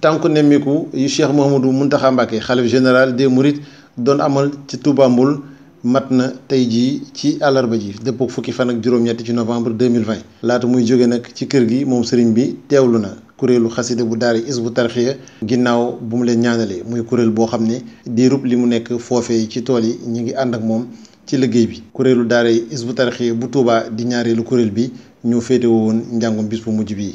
tànku nemmiku yu Cheikh mun Mountakha Mbacké xalif général de Mourides doon amal ci Touba mat na tey jii ci àllarba ji dëpp fukki fan ak juróom-ñetti ci novembre 2020 laata muy jóge nag ci kër gi moom sëriñ bi teewlu na kuréelu xasida bu daari is bu tarxiya ginnaaw bu mu leen ñaanalee muy kuréel boo xam ne diirub li mu nekk foofee ci tool yi ñu ngi ànd ak moom ci liggéey bi kuréelu daara Hizbut Tarqiyyah bu Touba di ñaareelu kuréel bi ñoo féete njàngum bis bu mujj bii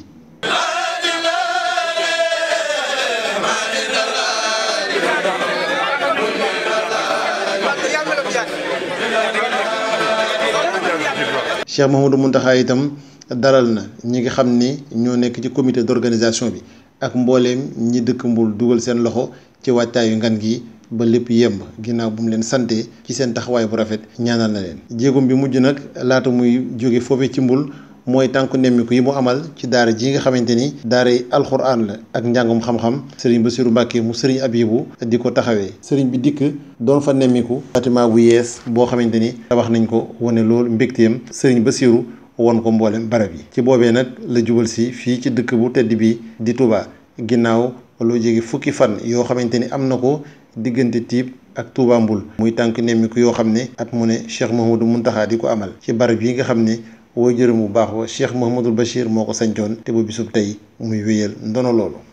Cheikh mun Mountakha itam dalal na ñi nga xam ni ñoo nekk ci comité d'organisation bi ak mbooleem ñi dëkk Mbour dugal seen loxo ci waajtaayu ngan gi ba lépp yemb ginnaaw bu mu leen sante ci seen taxawaay bu rafet ñaanal na leen jéegoom bi mujj nag laata muy jóge foofu ci Mbour mooy tànk nemmiku yi mu amal ci daara ji nga xamante ni daara yi alxuraan la ak njàngum xam-xam sëriñ Bassirou Mbacke mu sëriñ Abibu di ko taxawee sëriñ bi dikk doon fa nemmiku bâtiment bu yees boo xamante ni tabax nañ ko wane loolu mbégteem sëriñ ba Bassirou won ko mboolem barab yi ci boobee nag la jubal si fii ci dëkk bu tedd bi di Touba ginnaaw lu jege fukki fan yoo xamante ni am na ko diggante tiib ak Touba Mbul muy tànk nemmiku yoo xam ne at mu ne Cheikh Mouhamadou Mountakha di ko amal ci barab yi nga xam ne wooy jërëm bu baax wa Cheikh Mouhamadul Bachir moo ko sancoon te bu bisub tey muy wéyal ndono loolu